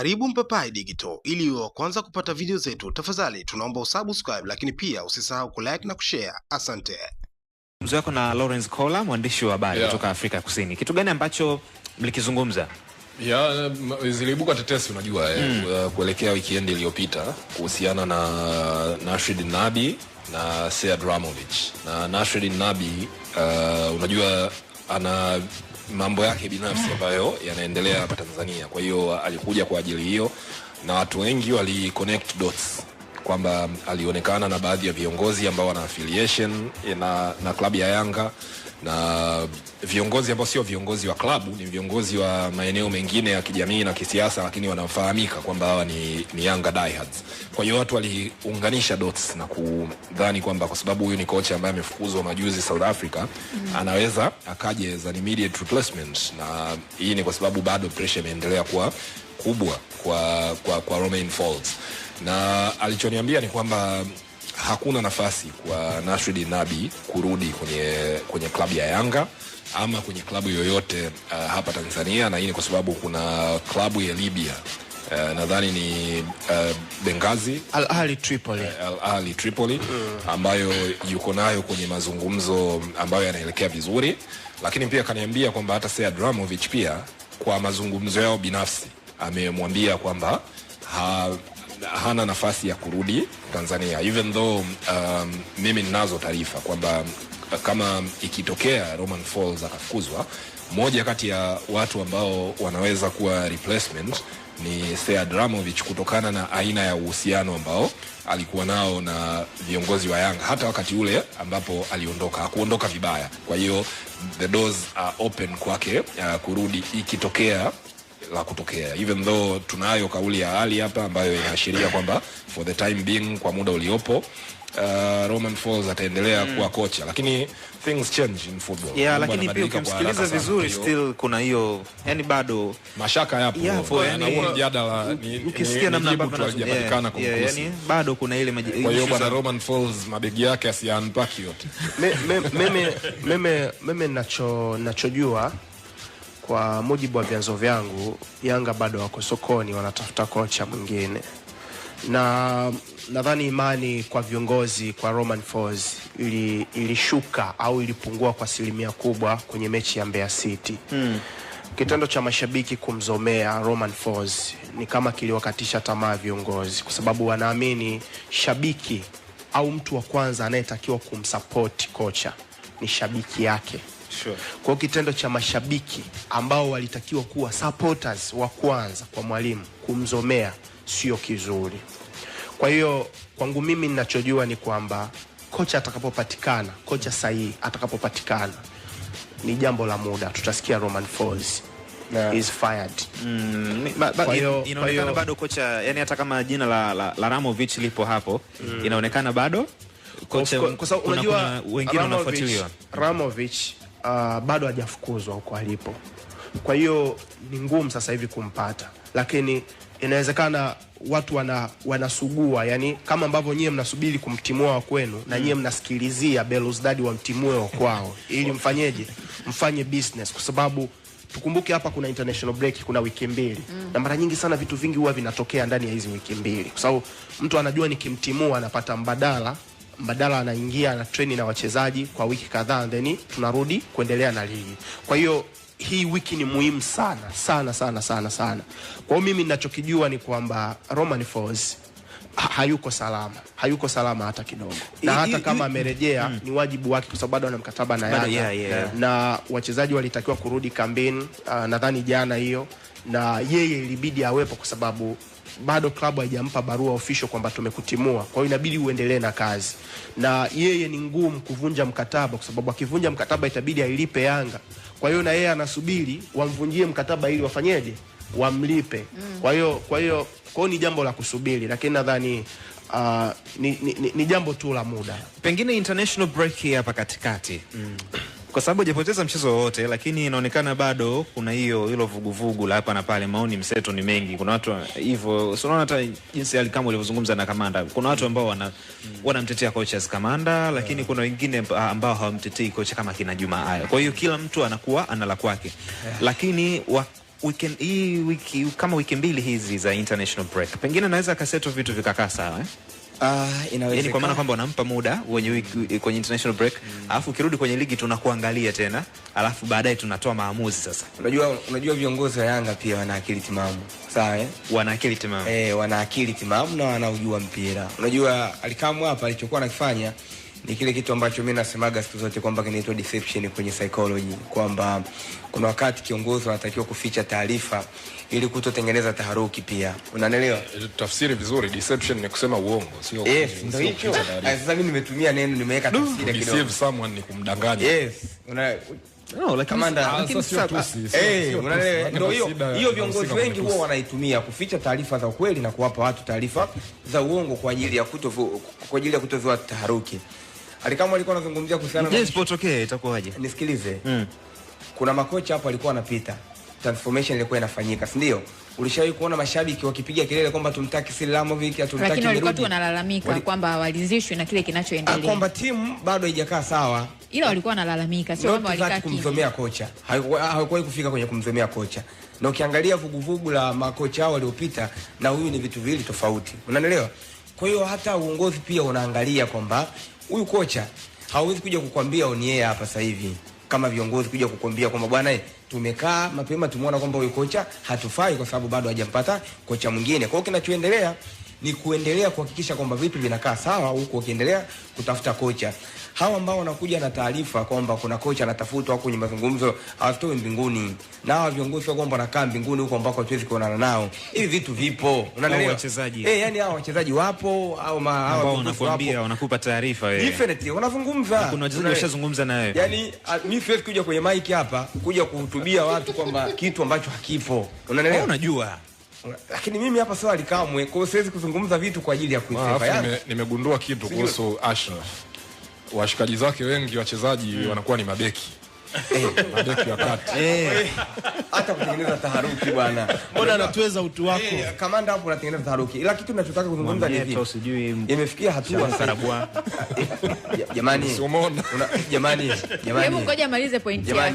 Karibu Mpapai Digital, ili uwe wa kwanza kupata video zetu, tafadhali tunaomba usubscribe, lakini pia usisahau kulike na kushare. Asante. Mzee wako na Lawrence Kola, mwandishi wa habari kutoka yeah, Afrika Kusini. Kitu gani ambacho mlikizungumza? Ya, ziliibuka tetesi unajua mm, eh, hmm. uh, kuelekea weekend iliyopita kuhusiana na Nasreddine Nabi na Sead Ramovic. Na Nasreddine Nabi uh, unajua ana mambo yake binafsi ambayo yanaendelea hapa Tanzania. Kwa hiyo uh, alikuja kwa ajili hiyo, na watu wengi wali connect dots kwamba alionekana na baadhi ya viongozi ambao wana affiliation eh, na, na klabu ya Yanga na viongozi ambao sio viongozi wa klabu, ni viongozi wa maeneo mengine ya kijamii na kisiasa, lakini wanafahamika kwamba hawa ni, ni Yanga diehards. Kwa hiyo watu waliunganisha dots na kudhani kwamba kwa sababu huyu ni kocha ambaye amefukuzwa majuzi South Africa mm. anaweza akaje as an immediate replacement, na hii ni kwa sababu bado pressure imeendelea kuwa kubwa kwa, kwa, kwa Romain Folz na alichoniambia ni kwamba hakuna nafasi kwa Nasri Nabi kurudi kwenye, kwenye klabu ya Yanga ama kwenye klabu yoyote uh, hapa Tanzania, na hii ni kwa sababu kuna klabu ya Libya Uh, nadhani ni uh, Benghazi Al Ahli Tripoli, uh, Al Ahli Tripoli mm, ambayo yuko nayo kwenye mazungumzo ambayo yanaelekea vizuri, lakini pia akaniambia kwamba hata Sead Ramovic pia kwa mazungumzo yao binafsi amemwambia kwamba ha, hana nafasi ya kurudi Tanzania even though um, mimi ninazo taarifa kwamba uh, kama ikitokea Roman Falls akafukuzwa, moja kati ya watu ambao wanaweza kuwa replacement ni Sea Dramovic kutokana na aina ya uhusiano ambao alikuwa nao na viongozi wa Yanga hata wakati ule ambapo aliondoka, hakuondoka vibaya. Kwa hiyo the doors are open kwake uh, kurudi ikitokea la kutokea, even though tunayo kauli ya hali hapa ambayo inaashiria kwamba for the time being, kwa muda uliopo Uh, Roman Falls ataendelea mm, kuwa kocha lakini things change in football. Yeah, lakini pia ukimsikiliza vizuri kiyo. still kuna hiyo yani bado mashaka yapo. yeah, na huo yani, Mjadala ukisikia namna ambavyo anajulikana kwa yani bado kuna ile kwa hiyo bwana Roman Falls mabegi yake asianpaki yote. Mimi mimi mimi nachojua kwa mujibu wa vyanzo vyangu, Yanga bado wako sokoni, wanatafuta kocha mwingine, na nadhani imani kwa viongozi kwa Romain Folz ili, ilishuka au ilipungua kwa asilimia kubwa kwenye mechi ya Mbeya City Hmm. Kitendo cha mashabiki kumzomea Romain Folz ni kama kiliwakatisha tamaa viongozi, kwa sababu wanaamini shabiki au mtu wa kwanza anayetakiwa kumsapoti kocha ni shabiki yake. Sure. Kwa kitendo cha mashabiki ambao walitakiwa kuwa supporters wa kwanza kwa mwalimu kumzomea sio kizuri. Kwa hiyo kwangu mimi ninachojua ni kwamba kocha atakapopatikana, kocha sahihi atakapopatikana ni jambo la muda, tutasikia Roman Falls Yeah. Is fired. Mm, ba, kwa hiyo inaonekana bado kocha, yani hata kama jina la, la, la Ramovich lipo hapo mm. Inaonekana bado kocha, kwa sababu unajua wengine wanafuatiliwa Ramovich uh, bado hajafukuzwa huko alipo, kwa hiyo ni ngumu sasa hivi kumpata, lakini inawezekana watu wana, wanasugua yani, kama ambavyo nyie mnasubiri kumtimua wa kwenu na mm. nyie mnasikilizia Belouizdad wamtimue wa kwao ili mfanyeje, mfanye business, kwa sababu tukumbuke hapa kuna international break, kuna wiki mbili mm. na mara nyingi sana vitu vingi huwa vinatokea ndani ya hizi wiki mbili, kwa sababu mtu anajua nikimtimua anapata mbadala mbadala anaingia na treni na wachezaji kwa wiki kadhaa, then tunarudi kuendelea na ligi. Kwa hiyo hii wiki ni muhimu sana sana sana sana sana. Kwa hiyo mimi ninachokijua ni kwamba Romain Folz hayuko salama, hayuko salama hata kidogo, na hata kama amerejea mm, ni wajibu wake, kwa sababu bado ana mkataba na Yanga yeah, yeah. na wachezaji walitakiwa kurudi kambini, uh, nadhani jana hiyo, na yeye ilibidi awepo kwa sababu bado klabu haijampa barua official kwamba tumekutimua. Kwa hiyo inabidi uendelee na kazi, na yeye ni ngumu kuvunja mkataba, kwa sababu akivunja mkataba itabidi ailipe Yanga. Kwa hiyo na yeye anasubiri wamvunjie mkataba ili wafanyeje, wamlipe. Mm. Kwa hiyo kwa hiyo kwa hiyo ni jambo la kusubiri, lakini nadhani uh, ni, ni, ni, ni jambo tu la muda, pengine international break hapa katikati mm kwa sababu hajapoteza mchezo wowote, lakini inaonekana bado kuna hiyo hilo vuguvugu la hapa na pale. Maoni mseto ni mengi, kuna watu hivyo, so unaona hata jinsi Alikama ulivyozungumza na Kamanda, kuna watu ambao wana wanamtetea kocha as Kamanda, lakini kuna wengine ambao hawamtetei kocha kama kina Juma Aya. Kwa hiyo kila mtu anakuwa ana la kwake, lakini wa, weekend, hii wiki kama wiki mbili hizi za international break pengine anaweza akaseto vitu vikakaa sawa eh? Uh, kwa maana kwamba unampa muda wenye kwenye international break, alafu ukirudi kwenye ligi tunakuangalia tena, alafu baadaye tunatoa maamuzi sasa. Unajua, unajua viongozi wa Yanga pia wana akili timamu, sawa eh? Wana akili timamu eh, wana akili timamu na wanaujua mpira. Unajua Alikamwe hapa alichokuwa anakifanya ni kile kitu ambacho mi nasemaga siku zote kwamba kinaitwa deception kwenye psychology, kwamba kuna wakati kiongozi anatakiwa kuficha taarifa ili kutotengeneza taharuki. Pia unanelewa eh, tafsiri vizuri, deception ni kusema uongo, sio? Yes, eh, ndio hicho. Sasa mimi nimetumia neno, nimeweka tafsiri kidogo, deceive someone ni kumdanganya. Yes, una No, like Kamanda, eh, ndio hiyo. Viongozi wengi huwa wanaitumia kuficha taarifa za ukweli na kuwapa watu taarifa za uongo kwa ajili ya kutovua taharuki. Alikama alikuwa anazungumzia kuhusiana na isipotokea itakuwaje? Nisikilize. Mm. Kuna makocha hapo alikuwa anapita. Transformation ilikuwa inafanyika, si ndio? Ulishawahi kuona mashabiki wakipiga kelele kwamba tumtaki Silamovic, Sililamovic, atumtaki. Lakini walikuwa tu wanalalamika Wali... kwamba hawalizishwi na kile kinachoendelea. Ah, kwamba timu bado haijakaa sawa. Ila walikuwa wanalalamika, sio kwamba walikaa kimya. kumzomea kocha. Hawakuwahi kufika kwenye kumzomea kocha. Na ukiangalia vuguvugu la makocha hao waliopita na huyu ni vitu viwili tofauti. Unanielewa? Kwa hiyo hata uongozi pia unaangalia kwamba huyu kocha hawezi kuja kukwambia on air hapa sasa hivi kama viongozi kuja kukwambia kwamba bwana, tumekaa mapema, tumeona kwamba huyu kocha hatufai, kwa sababu bado hajampata kocha mwingine. Kwa hiyo kinachoendelea ni kuendelea kuhakikisha kwamba vitu vinakaa sawa, huku wakiendelea kutafuta kocha. Hawa ambao wanakuja na taarifa kwamba kuna kocha anatafutwa kwenye mazungumzo hawatoi mbinguni, na hawa viongozi wao kwamba wanakaa mbinguni huko ambako hatuwezi kuonana nao. Hivi vitu vipo, unaelewa wachezaji eh, yani hawa wachezaji wapo au ma hawa wanakuambia, wanakupa taarifa wewe, definitely wanazungumza, kuna wachezaji washazungumza na wewe. Yani mimi siwezi kuja kwenye mic hapa kuja kuhutubia watu kwamba kitu ambacho hakipo, unaelewa, unajua lakini mimi hapa swali kamwe, kwa hiyo siwezi kuzungumza vitu kwa ajili ya kuisefa. Ah, nimegundua kitu kuhusu Ashraf, washikaji zake wengi wachezaji hmm. wanakuwa ni mabeki eh. mabeki wa kati eh. hata kutengeneza taharuki bwana, mbona anatuweza utu wako hey, eh, kamanda hapo, anatengeneza taharuki. Ila kitu ninachotaka kuzungumza ni hivi, sijui imefikia hatua sana jamani, jamani, jamani, hebu ngoja malize pointi yako.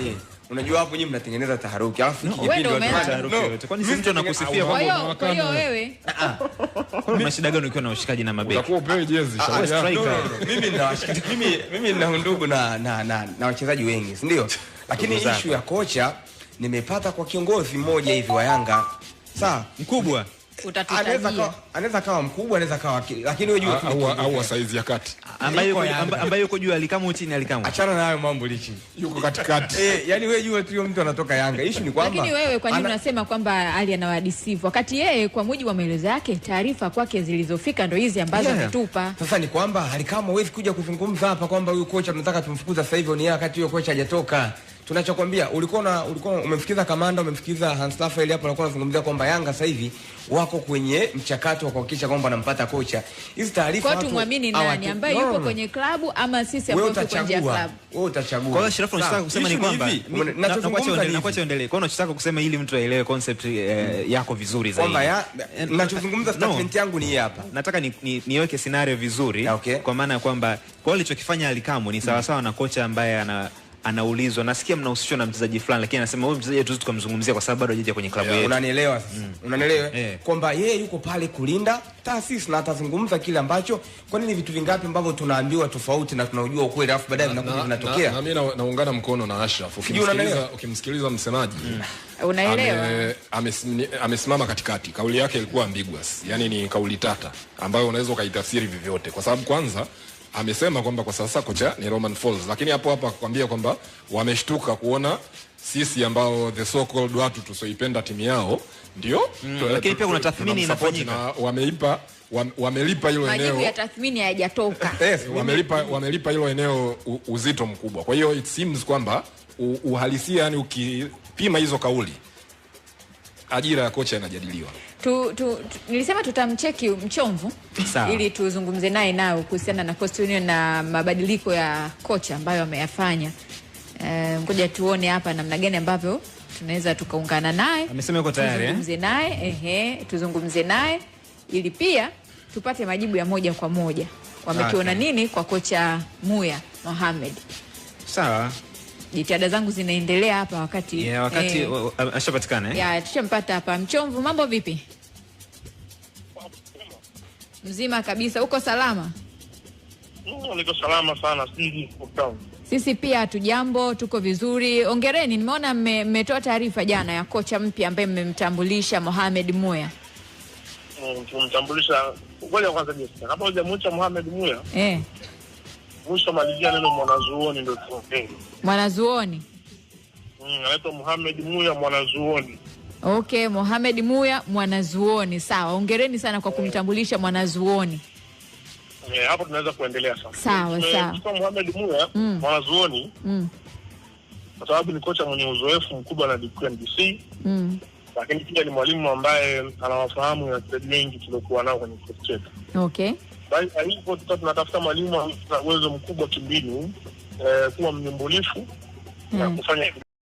Unajua hapo nyinyi mnatengeneza taharuki. Alafu kipindi watu taharuki yote. Kwani mtu anakusifia kwa hiyo kwa hiyo wewe. Ah, ah. Una shida gani ukiwa na ushikaji na mabeki? Utakuwa upewe jezi ah, shauri. Mimi nina washikaji. Mimi mimi nina ndugu na na na, na wachezaji wengi, si ndio? Lakini issue ya kocha nimepata kwa kiongozi mmoja hivi wa Yanga. Sawa, mkubwa. Anaweza kawa anaweza kawa mkubwa, anaweza kawa lakini wewe jua au au saizi ya kati ambaye yuko ambaye yuko juu alikamu chini alikamu. Achana nayo mambo lichi. Yuko katikati. Eh, yani wewe jua tu mtu anatoka Yanga. Issue ni kwamba Lakini wewe kwa nini unasema kwamba Ali anawadisivu? Wakati yeye kwa mujibu wa maelezo yake, taarifa kwake zilizofika ndio hizi ambazo ametupa. Sasa ni kwamba alikamu huwezi kuja kuzungumza hapa kwamba huyu kocha tunataka tumfukuza sasa hivi, ni wakati huyo kocha hajatoka tunachokwambia ulikuwa ulikuwa umemfikiza kamanda umemfikiza Hans Rafael hapo, anakuwa anazungumzia kwamba Yanga sasa hivi wako kwenye mchakato wa kuhakikisha kwamba anampata kocha. Hizi taarifa watu tumwamini nani ambaye yupo kwenye klabu ama sisi ambao tuko nje klabu? Wewe utachagua. Kwa hiyo Shirafu, unataka kusema ni kwamba ni nachozungumza endelee. Kwa hiyo unachotaka kusema ili mtu aelewe concept eh, mm. yako vizuri zaidi. Kwamba nachozungumza statement yangu ni hapa. Nataka niweke scenario vizuri kwa maana ya kwamba kwa alichokifanya Alikamwe ni sawasawa na kocha ambaye ana anaulizwa, nasikia mnahusishwa na mchezaji fulani, lakini anasema huyu mchezaji hatuwezi tukamzungumzia kwa sababu bado hajaja kwenye klabu yetu. Unanielewa? sasa? Mm. Unanielewa Yeah. kwamba yeye yuko pale kulinda taasisi na atazungumza kile ambacho, kwa nini vitu vingapi ambavyo tunaambiwa tofauti na tunajua ukweli, alafu baadaye vinakuja vinatokea. Na na, na, mimi naungana mkono na Ashraf, ukimsikiliza ukimsikiliza msemaji Mm. mm. unaelewa, amesimama ame katikati. Kauli yake ilikuwa ambiguous, Yaani ni kauli tata ambayo unaweza ukaitafsiri vyovyote, kwa sababu kwanza amesema kwamba kwa sasa kocha ni Roman Falls, lakini hapo hapo akakwambia kwamba wameshtuka kuona sisi ambao the so called watu tusioipenda timu yao ndio, mm, lakini pia kuna tathmini inafanyika na wameipa wamelipa hilo eneo, majibu ya tathmini hayajatoka. Yes, wamelipa wamelipa hilo eneo uzito mkubwa. Kwa hiyo it seems kwamba uhalisia, yani ukipima hizo kauli ajira ya kocha inajadiliwa. tu, tu, tu, nilisema tutamcheki Mchomvu ili tuzungumze naye nao kuhusiana na Coast Union na mabadiliko ya kocha ambayo ameyafanya. Eh, ngoja e, tuone hapa namna gani ambavyo tunaweza tukaungana naye. Amesema yuko tayari, eh? tuzungumze naye ehe, tuzungumze naye ili pia tupate majibu ya moja kwa moja, wamekiona okay, nini kwa kocha Muya Mohamed. Sawa jitihada zangu zinaendelea hapa wakati yeah, wakati eh, ashapatikana eh? Yeah, tushampata hapa. Mchomvu, mambo vipi? Mzima kabisa, uko salama? Mm, niko salama sana. Sisi pia hatujambo, tuko vizuri. Ongereni, nimeona mmetoa me, taarifa jana ya kocha mpya ambaye mmemtambulisha Mohamed Muya. Tumemtambulisha mm, ngoja kwanza kabisa, kabla hujamwita Mohamed Muya eh mwisho malizia neno mwanazuoni, ndio tuongee mwanazuoni. Mm, anaitwa Muhamed Muya mwanazuoni. Okay, Mohamed Muya mwanazuoni. Sawa, ongereni sana kwa kumtambulisha mwanazuoni. Yeah, hapo tunaweza kuendelea sasa. Sawa eh, sawa. Kwa Mohamed Muya mm. mwanazuoni mm. kwa sababu ni kocha mwenye uzoefu mkubwa na KMDC mm. lakini pia ni mwalimu ambaye anawafahamu wachezaji wengi tuliokuwa nao kwenye kikosi chetu. Okay hivyo tuka tunatafuta mwalimu na uwezo mkubwa kimbinu, eh, kuwa mnyumbulifu na mm. kufanya